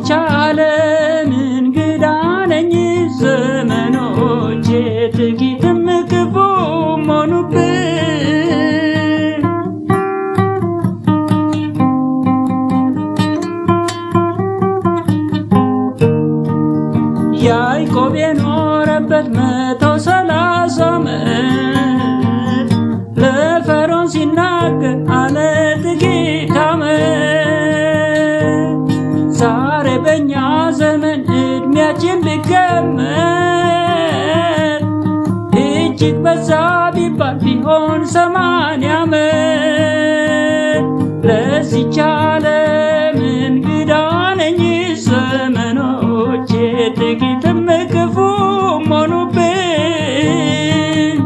ለዚች ዓለም እንግዳ ነኝ። ዘመኖቼ ጥቂትም ክፉም ያዕቆብ የኖረበት መቶ በዚች ዓለም እንግዳ ነኝ። ዘመኖቼ ጥቂትም ሆኑብኝ።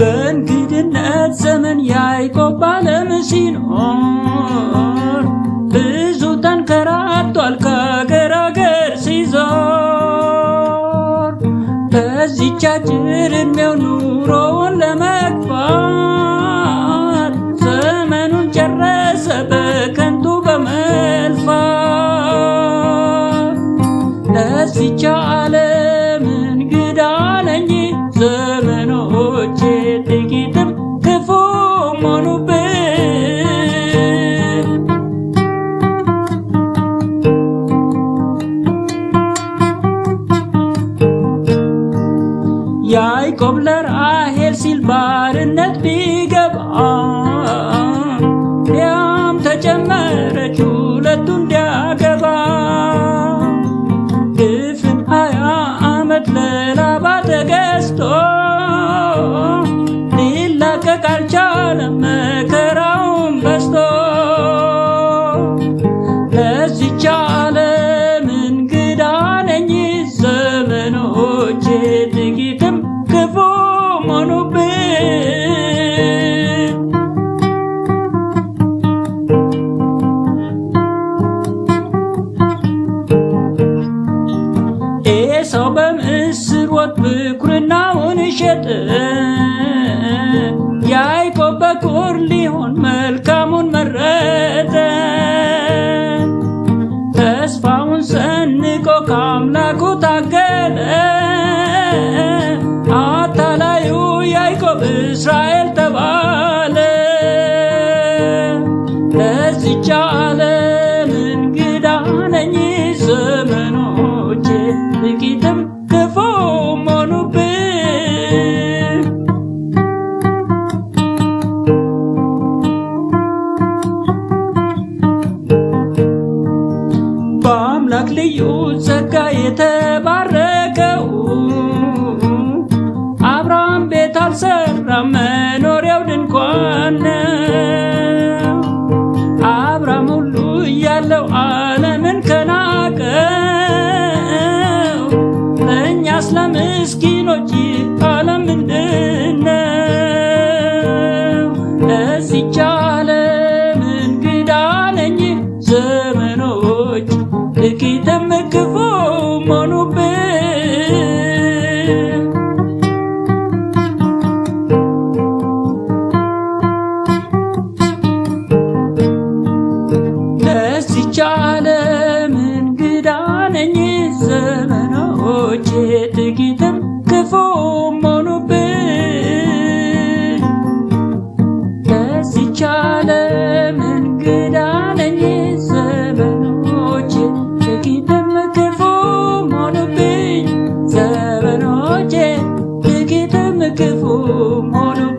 በእንግድነት ዘመን ያዕቆብ ሲኖር ብቻ ጭር የሚያው ኑሮውን ለመግፋት ብኩርናውን ሸጥ ያዕቆብ በኩር ሊሆን መልካሙን መረጠ። ተስፋውን ሰንቆ ከአምላኩ ታገለ። አታላዩ ያዕቆብ እስራኤል ተባለ። ለዚች ዓለም እንግዳ ነኝ ዘመኖቼ ጥቂትም በልዩ ጸጋ የተባረከው አብርሃም ቤት አልሰራም መኖሪያው ድንኳን ነው። አብርሃም ሁሉ እያለው ደግፎ ሞሉብን። ለዚች ዓለም እንግዳ ነኝ ዘመኖቼ ጥቂትም ክፉ ሆኑብን። ለዚች ዓለም እንግዳ ነኝ لك فوق